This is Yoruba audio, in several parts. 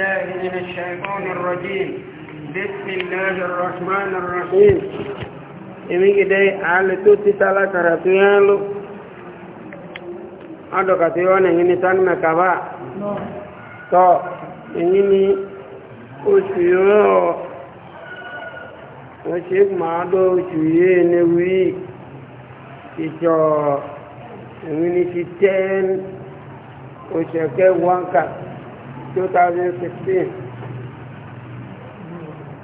الله من الشيطان الرجيم بسم الله الرحمن الرحيم إمي كده على توتي سالة كراتيان لو أدو كتيوان إني تان مكبا تو إني أشيو أشيك ما أدو أشيو نوي إشو إني تتين أشيك وانكا 2016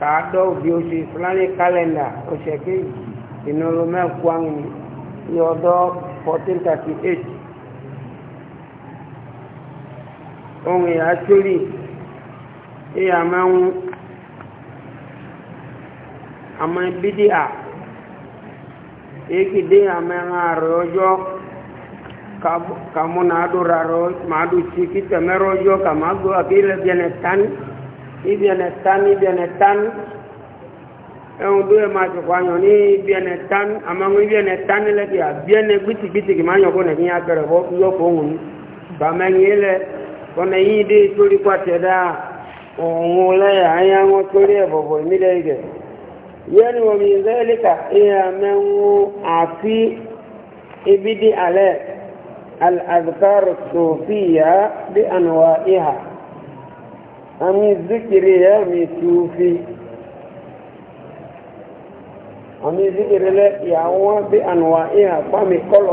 kàádọ́ òbí oṣù islamic calendar ọ̀sẹ̀ kejì ìnáwó mẹ́kọ́ àwọn ní ọdọ́ 1438 ohun ìyá sórí ìyá máa ń àmọ́ bídíà èkìdé àmọ́ ẹran àrẹ ọjọ́ kamuna adu raro madu chiki temero yo kamago akile biene tan ibiene tan ibiene tan ẹ̀hùn tó yẹ máa ṣùkọ́ ayọ̀ ní ibi ẹnẹ tán àmọ́ ibi ẹnẹ tán nílẹ̀ kí àbí ẹnẹ gbìtìgbìtì kì máa yọ̀kọ́ nẹ̀kí yá kẹrẹ̀ fọ́ yọ̀ fọ́ òun bàmẹ́yìn ilẹ̀ kọ́nà yìí dé sórí pàtẹ́ dá òun lẹ́yà ayá wọn sórí ẹ̀bọ̀bọ̀ nílẹ̀ ìgẹ̀ yẹ́nì amị zikiri zikiri zikiri azikerela yahụ daaha a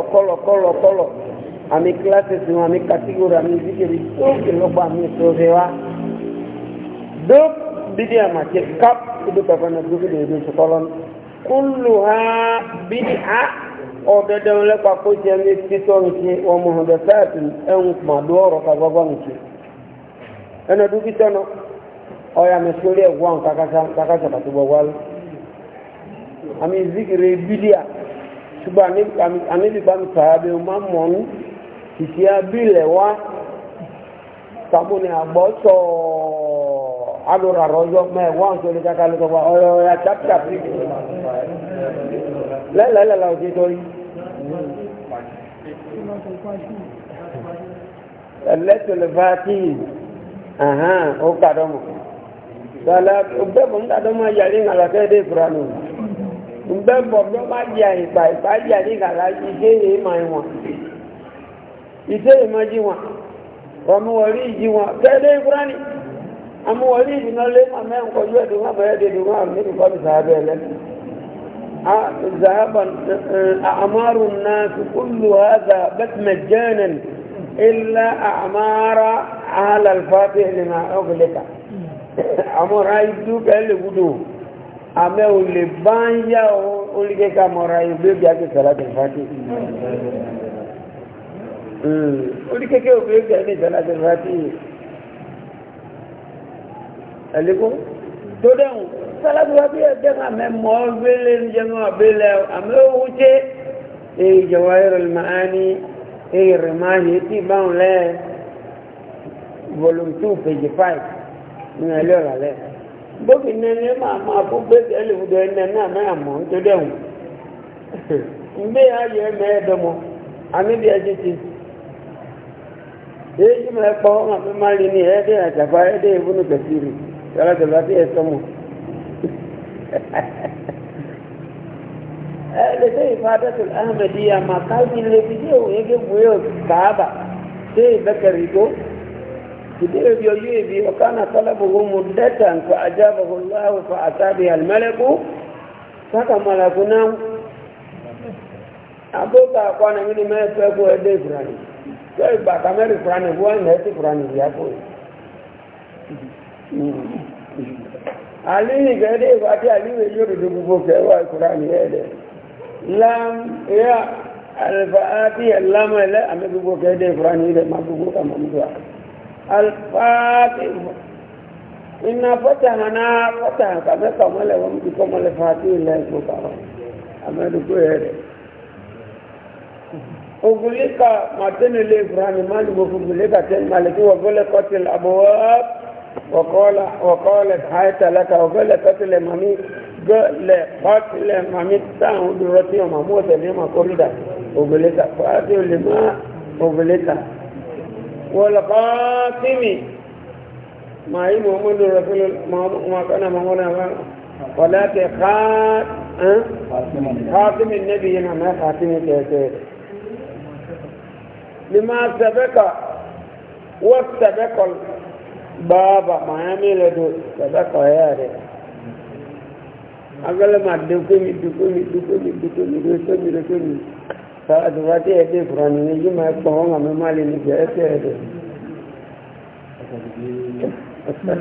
olọolol ial ọ̀dẹ̀dẹ̀ wọn lẹ́pàá kó jẹ́ ní títọ́ nìkí wọn mọ̀ ọ̀dẹ̀ sáàtì ẹ̀hún pàdó ọ̀rọ̀ kagbọ́gbọ́ nìkí ẹnà dúkítọ́ nọ ọ̀yà mi sórí ẹ̀gbọ́n kakasa pàtó gbọ́gbọ́ lọ. àmì zikiri bídíà ṣùgbọ́n àníbìbá mi sàábẹ̀ máa mọ̀ ní kìkì abílẹ̀ wá tàbí ní àgbọ̀ sọ alùràrọ̀ ọjọ́ mẹ́wàá nítorí kákàlùkọ̀ ọ̀rọ̀ ọ̀yà chapter lẹ́lẹ́lẹ́lẹ́ òde torí. ẹlẹ́tọ̀lẹ́fàtì ó bí wọ́n bá yà ìgbà ìgbà yàrá ìgbàlá ìdé yìí máa ń wọ̀n ìdé máa jí wọ̀n ọmọ wọ̀rí ìjì wọ̀n kẹ́ẹ́dẹ́ ìfura nì àmọ́ wọ̀rí ìjì náà lé màmẹ́ nǹkan yóò dùn wọ́n bẹ̀rẹ̀ ذهب أعمار الناس كل هذا بس مجانا إلا أعمار على الفاتح لما أغلق أمر أيدوك اللي بدو أما اللي بانيا أولي كامر أيدوك يأتي صلاة الفاتح أولي كيكي أولي كيكي صلاة الفاتح أليكم؟ tó dẹ̀hùn sálábíwá bí ẹgbẹ́ máa mẹ́mọ́ abẹ́lẹ̀ ń jẹun abẹ́lẹ̀ àmì owó tẹ́ èyí jẹ̀wọ́ ẹ̀rọ máa ní èyí rẹ̀ máa yìí tí báwọn lẹ́ volume two page five ní ẹlẹ́ ọ̀rọ̀ lẹ́ bóbi nẹni máa máa fún gbèsè ẹlẹ́wùdọ̀ ẹnẹ náà mẹ́ra mọ́ tó dẹ̀hùn mgbe ayọ ẹmẹ ẹdọmọ àmì bí ẹjẹ ti èyí mọ̀ ẹ̀pọ̀ ọmọ mi máa rí ní ẹ̀ẹ́dẹ̀ àjàgbá ẹ̀ẹ́dẹ̀ ìbúnú kẹsìrì ولا دلوقتي يهتموش لسي إفادة الأهمدية ما قال في اللي فيديو يجب ويوز بابا سي بكر يدو كده يجب وكان طلبه مدة فأجابه الله فأتى بها الملك فكا ملكنا نعم. أبوكا أقوانا مني ما يسوي أبو أدي فراني سوي باكا مالي فراني هو أنهتي فراني بيأكوه alini gẹ̀ẹ́dẹ́ ìfàtí àlúwẹ̀ yóò dùdú gbogbo kẹwàá ìkùránì ẹ̀ẹ́dẹ̀ lam ya alfa'ati lam ele ame gbogbo kẹdẹ ìkùránì ẹ̀ẹ́dẹ̀ ma gbogbo kama mùsùlá alfa'ati iná fọ́tà hàná fọ́tà kàmẹ́ kàmọ́lẹ̀ wọn bí kọ́mọ́lẹ̀ fàtí ilẹ̀ ìgbò kàwà amẹ́dùkú ẹ̀ẹ́dẹ̀ ogulika màtẹ́nulẹ̀ ìkùránì má lùgbò fúgulẹ̀ kàtẹ́ màlẹ́kí wọ́gọ́lẹ̀ kọ́tìl àbọ̀wọ́ وقال وقالت حيث لك وقال قتل مامي قال قتل مامي تاهم دلوقتي وماموت لما قلت وقلت فاتي لما وقلت والقاسم ما هي محمد رسول ما كان مامونا ولا خات خاتم أه؟ النبي ما خاتم كيسير لما سبق وسبق baba mayami le do sada kaya re agala ma duko mi duko mi duko mi duko mi duko mi duko mi ta adwate ede qur'an ne ji ma e ko ma me mali ni je e te ede hmm.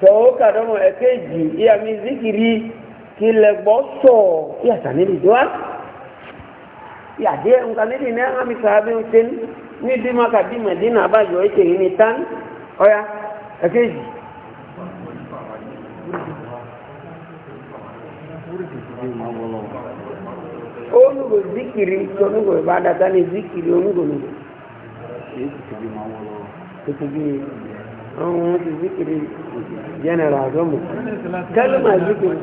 so ka do mo ekeji ya mi zikiri ki le gbo so ya ta ni ni do ya de nkan ni ni na mi sabe o tin ni bi ma ka bi medina ba yo ite e ni tan ọ̀yá ẹ̀kẹ́jì onugo zikiri onugo ibadata ni zikiri onugo nugo ekigi àwọn ohun ti zikiri general adomo kalima zikiri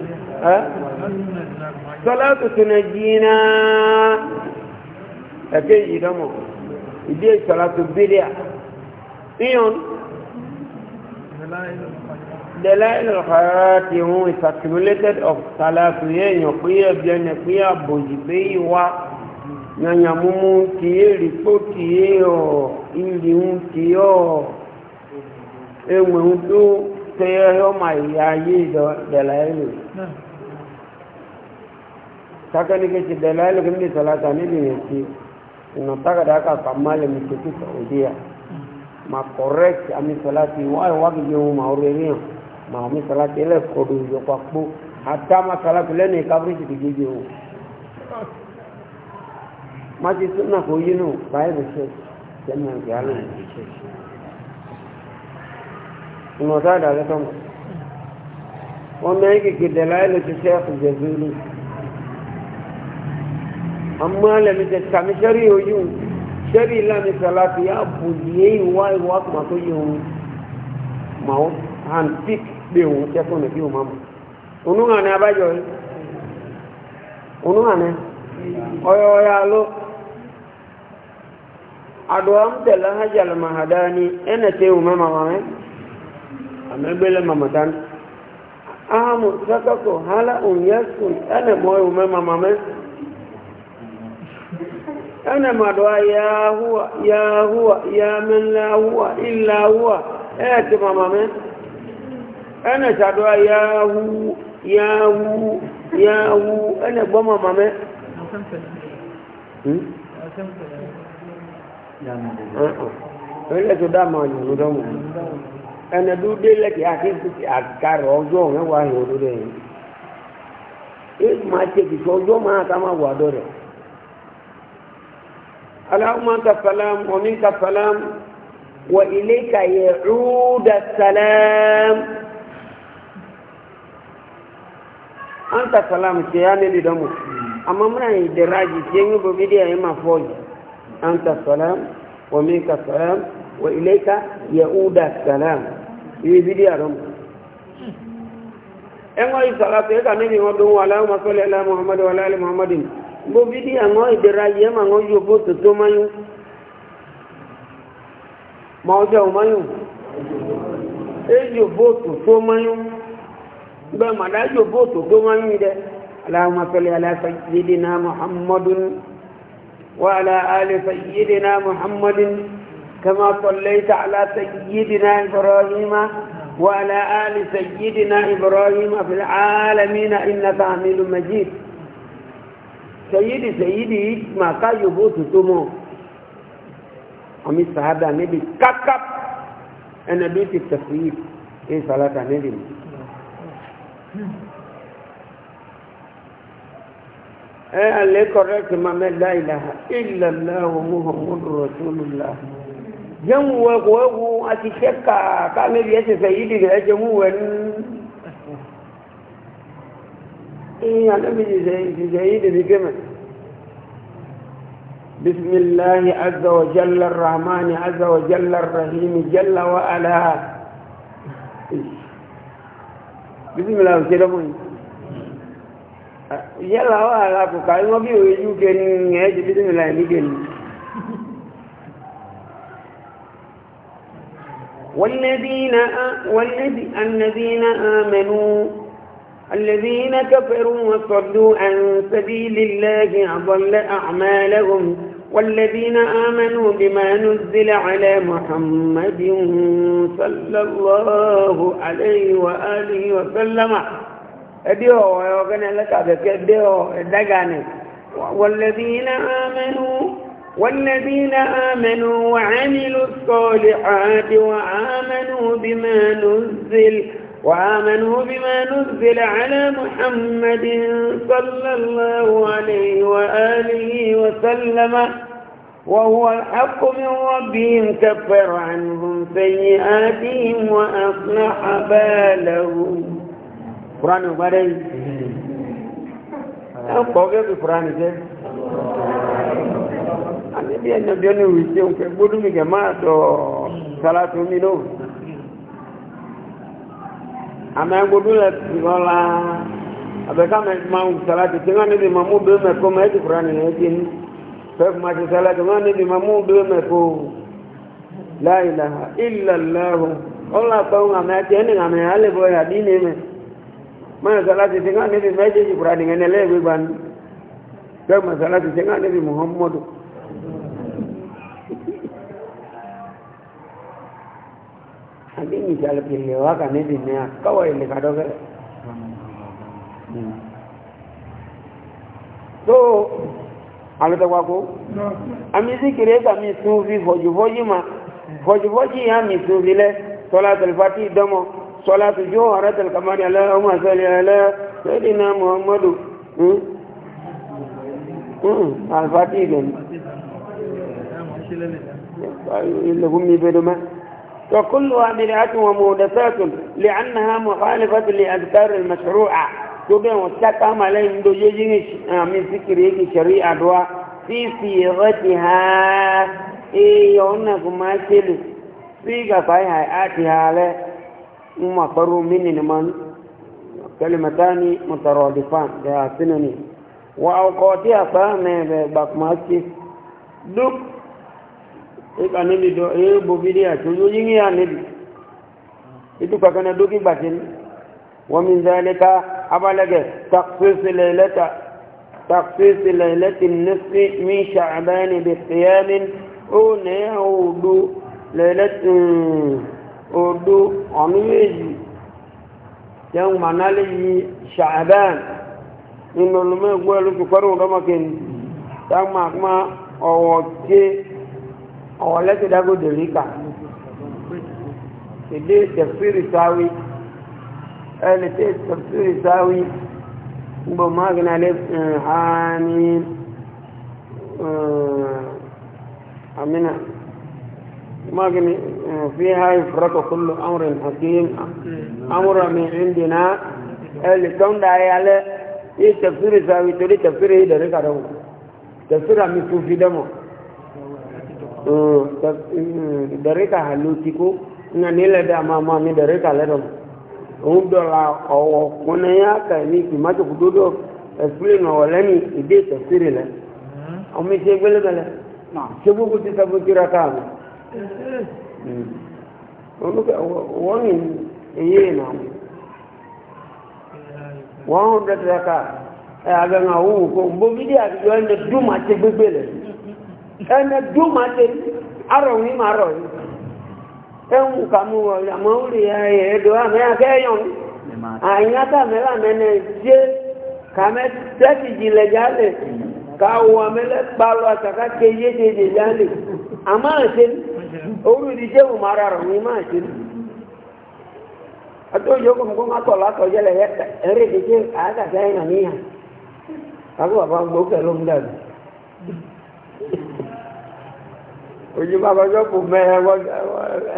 sọlá tuntun na jiina ẹ̀kẹ́jì dọ́mọ̀ ìdí ìsọ̀lá tó bílíà iyan dẹ̀láìlù ọ̀hárá ti hun is accumulated of salafu yẹ̀yàn pé ẹ̀bí ẹni pé àbòjì pé ìwà yànyàn múmú kì í rìpó kì í ọ̀ ìlì hun kì í ọ̀ ewé hun tó tẹ́yẹ ọmọ ìyá ayé dẹ̀láìlù kakani ke ci dalilu kan ni talata ne ne ce na taka da aka kammala mutu saudiya ma correct ami salati wa wa ge o ma ni ma ami salati le kodu du yo pa po hatta ma salati le ni kabri ti ge ge o ma ti sunna ko yin o ba e be se se na ge ala ni se no da da le tom o me ge ki dalail ti sheikh jazuli amma le mi te kamishari o yun sẹ́rí ìlànà ìsàlá ti yá bù yé ìwá ìwá tó máa tó yé òun mà ó hàn pík pé òun tẹ́kọ̀ọ́ nìbí òun máa mọ̀ ònú hàn ní abájọ yìí ònú hàn ní ọyọ ọyọ aló àdùn àmúdẹ̀lá hajj alamahadá ni ẹnẹ tẹ òun mẹ́ma mamẹ́ àmẹ́gbẹ́lẹ́ mamata ahamu sakako hala òun ẹnẹ mọ́ òun mẹ́ma mamẹ́. أنا مدوى يا هو يا هو يا من لا هو إلا هو هات ماما من أنا سدوى يا اللهم أنت السلام ومنك السلام وإليك يعود السلام أنت السلام سياني لدمو أما منا يدراجي سينو ببدي أما فوج أنت السلام ومنك السلام وإليك يعود السلام في يبدي أرمو أما الصلاة يكا نبي ودو اللهم صل على محمد وعلى آل محمد gbogbo bí àwọn ìdẹ̀ra yẹ mà wọ́n yóò bó tòtó máyún ma ọjọ́ máyún èyò bó tòtó máyún bẹ́ẹ̀ màdá yóò bó tòtó máyún dẹ́ aláàmàfẹ́lẹ́ aláfẹ́yédè muhammadun وعلى آل سيدنا محمد كما صليت على سيدنا إبراهيم وعلى آل سيدنا إبراهيم في العالمين إنك حميد مجيد sẹ̀yìdì sẹ̀yìdì màkà yòbó tòtó mọ́ àmì sàádà níbi kákáp ẹnà bí ti tẹ̀sí ẹ̀ sàlátà níbi mi. ẹ alẹ́ kọ́rẹ́tì máa mẹ́lá ìlàhà ìlàlá òun ọ̀hún rọ̀túnlá àti ṣẹ́ka ká níbi ẹ̀sẹ̀ sẹ̀yìdì rẹ̀ jẹ́mu wẹ̀ إيه أنا بجزعين جزعين بكم بسم الله عز وجل الرحمن عز وجل الرحيم جل وعلا بسم الله وسلم يلا وعلا كاي ما بيو يجوك نيجي بسم الله نيجي والذين والذين آمنوا الذين كفروا وصدوا عن سبيل الله أضل أعمالهم والذين آمنوا بما نزل على محمد صلى الله عليه وآله وسلم أديه أيوة، ويوكنا لك أديه دقاني والذين آمنوا والذين آمنوا وعملوا الصالحات وآمنوا بما نزل وآمنوا بما نزل على محمد صلى الله عليه وآله وسلم وهو الحق من ربهم كفر عنهم سيئاتهم وأصلح بالهم قرآن وبرئي أقوى بقرآن جيد أنا بيانا بيانا ويسيون كبودو مجمعة صلاة منهم amegbodó le tìlɔ la abeka me ma wù salati tí ŋa níbi ma mú bẹ́ẹ̀ mẹ́ kó mẹ́ ẹ̀dìkura nìyẹn ẹ̀dì ní fẹ́ kuma ti salati ŋa níbi ma mú bẹ́ẹ̀ mẹ́ kó láyìlá ìlàláhu ọ̀là kpẹ́wò ŋa mẹ́ ẹ̀tì ẹ̀nì ŋa mẹ́ alẹ́bọ̀ yà dí ní mẹ́ mẹ́ salati tí ŋa níbi mẹ́ ẹ̀dìkura nìyẹn ẹ̀lẹ́gbẹ̀gbani fẹ́ kuma salati tí ŋa níbi muhammadu. a adini jalipiliwa kanidinea kawa ilikadogele so alutawa ko ami zikire ka mi sun fi fọjufọji ma fọjufọji ya mi sun fi lẹ sọlá tẹlifati dọmọ sọlá tujọ ọrẹ tẹlikamari alẹ ọmọ asẹlẹ alẹ sẹdina muhammadu alifati ilẹ ilẹ kun mi bẹ dọmọ. وكلها بدعات ومودسات لأنها مخالفة لأذكار المشروعة تبين وستقام عليهم دوجين آه، من فكر هيك شريعة دواء في صيغتها إيه يونكم ما كل صيغة فيها آتها له وما فروا مني من كلمتان مترادفان ده سنني وأوقاتها فهم بقماسي دك eka nebi do e bobidi ati oyo yingi ya nebi itu kakana doki batin wa min zalika abalage taqsis laylata taqsis laylati nisfi min sha'ban bi qiyam o ne odu laylati odu onuyeji yang manale yi sha'ban inolu me gbelu ọ̀wọ́ lẹ́tẹ̀dágò dèríkà èdè tẹ̀fírì sáwí ẹni tẹ́ tẹ̀fírì sáwí gbogbo mágínà lè hàní àmìnà mágínà fi hàí fúrakọ̀ kúlù amurin hakim amura mi indina ẹni tó ń darí alẹ́ yìí tẹ̀fírì sáwí torí tẹ̀fírì dèríkà dánwò tẹ̀fírì àmì tó fi dánwò dari ka halu tiko nga nile da mama mi dari ka le dom un do la o kone ya ka ni ki ma to kudo explain o le ni ide to sire le o mi se gbele gbele na se bu ku ti sa bu kira ka mi mm. onu ka won eye na 100 raka e aga nga wu ko mbo video yo ne du ma te gbele ẹnẹ dó máa ṣe arọ̀wí máa rọ̀ yìí ẹ̀hùn kàmú ọ̀yàmọ́ orí ẹ̀yẹ ẹ̀dọ́ àmì akẹ́yàn àyíká mẹ́lá mẹ́nẹ̀ jẹ́ kàmẹ́ tẹ́tì jìnlẹ̀ jálẹ̀ káwọ amẹ́lẹ́ kpalọ àtàkà ké yédèdè jálẹ̀ àmọ́ àṣẹ olùdíjẹ́ wò máa rọ̀ yìí máa ṣe àtọ́jú ọkọ̀ mi kó má tọ̀ látọ̀ jẹ́lẹ̀ ẹ̀rẹ́dẹ̀jẹ́ àyàkàtà òjìmọ̀ àbájọ́ kò mẹ́rẹ̀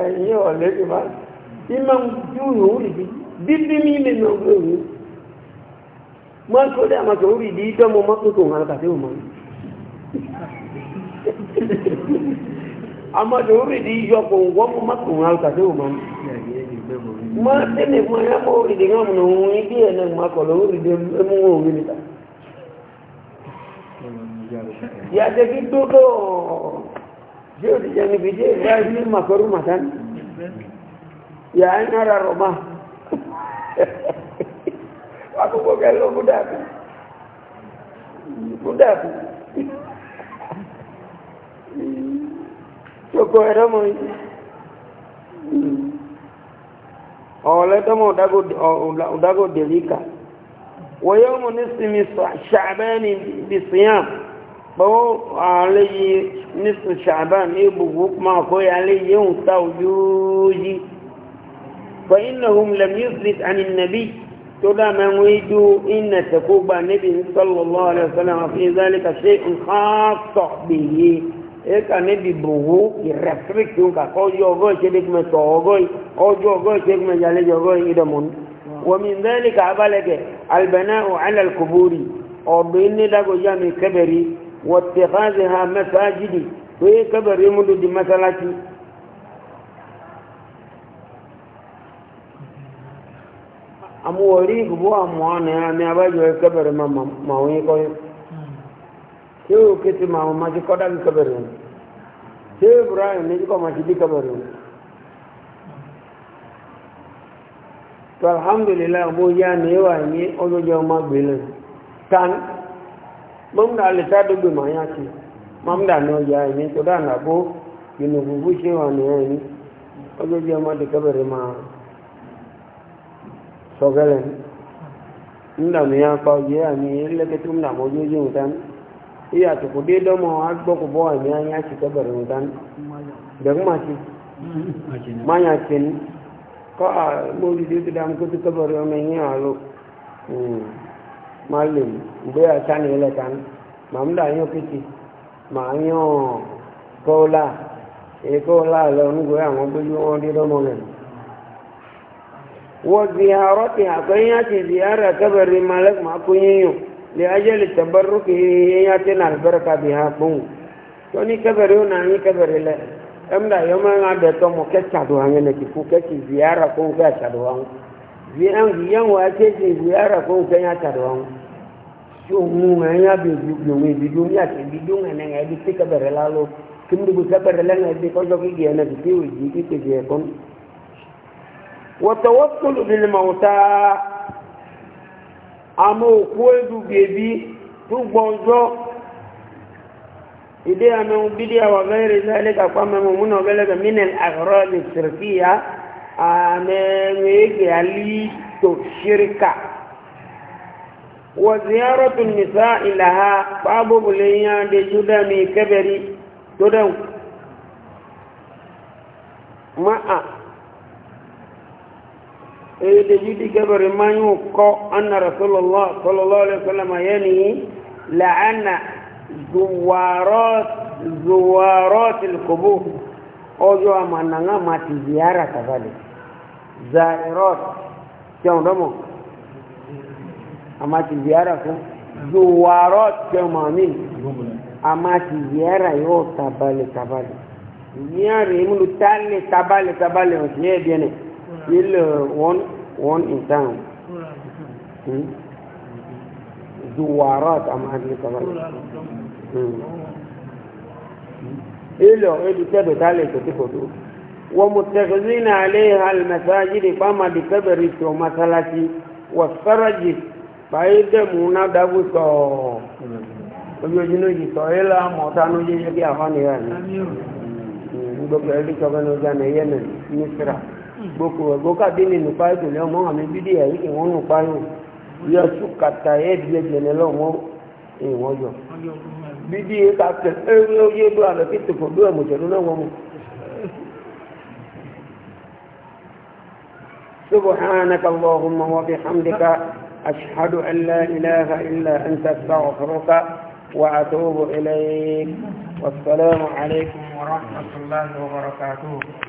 ẹ̀yìn ọ̀lẹ́ ìmá ìmọ̀ yóò rí bí bíbí mi lè nà ọgbẹ́ òun mọ́ tó dé àmàkà orí ìdí ìdọ́mọ mọ́tò tó hàn òun mọ́ àmàkà orí ìdí ìyọkọ̀ òun mọ́ mọ́ tẹ́lẹ̀ mọ́ ya mọ́ orí ìdí òun ìdí ẹ̀ yàtẹ̀ kí tó yóò ti jẹni bí dé ìgbà ní màkọrú màtán yà á nára rọ̀mà wákòókò kẹlò múdàbí múdàbí tókò ẹ̀rọmọ yìí ọ̀lẹ́tọ́mọ̀ ọ̀dágò dèríkà wọ́n yóò mú ní sinmi ṣàbẹ́ni bí síyàn bawo alayi nisu sha'ban ibugu kuma akwai alayi yawan saujoji fa innahum lam yusbit an annabi to da man widu inna takuba nabi sallallahu alaihi wasallam fi zalika shay'un khassa bihi e ka nabi bugu restrict un ka ko yo go che de me to go o jo go che me jale jo go ida mun wa min zalika abalage albana'u ala alquburi o bin ni dago jami kabari واتخاذها مساجد وهي كبر يمد دي مسلاتي amori gbogbo amuane ami abajo ekebere ma ma onye kọrọ ṣé o kéte ma ma ti kọ́dá bí kẹbẹ̀rẹ̀ wọn ṣé ibrahim méjì kọ́ ma ti bí kẹbẹ̀rẹ̀ wọn. tó alhamdulilayi mo yá ni ewa yín ọjọ́jọ́ ma gbé lẹ́nu tán mamda alisadu bimayati mamda no ya ni ko da na bo yinu bubu she wa ni ni ojo je ma de kabere ma sogelen nda mi ya pa je ani le ke tum na mo jojo utan iya to ko de do mo agbo ko bo ani anya chi kabere utan de ma chi ma ya chen malim gbé àtàní ẹlẹ́kan màmúdà yóò kìtì màá yàn kọ́ọ́lá èkọ́ọ́lá lọ nígbà àwọn gbójú wọn dé lọ́mọ rẹ̀. wọ́n ti àárọ̀ tí àkọ́yìn àti ìdíyàrá kẹbẹ̀rẹ̀ malek máa kó yíyan lè ajẹ́lẹ̀ tẹ̀bọ́rọ̀ kì í yíyan tí nà àlùbẹ́rẹ̀ kàbí ha gbóhùn. tó ní kẹbẹ̀rẹ̀ ó nà ní kẹbẹ̀rẹ̀ lẹ ẹ̀mdà yọmọ ẹ̀ ń adẹ̀tọ́ mọ kẹ́kẹ́ àdó virangi yangu acheze ziara kwa ukenya tarwangu sio munga ya bidungi bidungi ati bidungi na ngai tika berelalo kimdu buka berelanga bi ko jogi gena biu jiki ke je kon wa tawakkul bil mauta amo kwedu bebi tu bonzo ide ame ubidia wa ghairi zalika kwa mamu muno galaka min al aghrad al shirkiyah anenge ali to shirka wa ziyaratu nisa ilaha babu bulenya de juda mi kabari dodan ma'a e de judi kabari manyu ko anna rasulullah sallallahu alaihi wasallam yani la'ana zuwarat zuwarat al-qubur ojo amananga mati ziyara kadhalika zairot kyau domo amma ki ziyara ku zuwarot kyau mamin amma ki ziyara yau tabale tabale ziyara yi mulu talle tabale tabale o ne biya ne il one one in town zuwarot amma ki tabale ilo edu tebe tale kotikoti ومتخذين عليها المساجد فما بكبر ومثلتي والسرج فايد مونا دابو سو ojoojúmọ́ yìí sọ yìí la mọ̀ tá ló yẹ kí àwọn ni rà ní gbogbo ẹ̀rí sọ̀rọ̀ ní ọjà ní yemen misra gbogbo ẹ̀gbọ́ kàbí ní nípa ìtòlẹ́ ọmọ àmì bídí ẹ̀rí kí wọ́n nù páyò yọ sùkàtà ẹ̀ẹ́dìyẹ jẹ̀lẹ̀ lọ́wọ́ ìwọ́n yọ bídí ẹ̀ka kẹ̀ ẹ̀rí ó yé bó àlọ́ kí tòkòdó ẹ̀mọ̀jẹ̀dún náà wọ́n mu. سبحانك اللهم وبحمدك أشهد أن لا إله إلا أنت استغفرك وأتوب إليك والسلام عليكم ورحمة الله وبركاته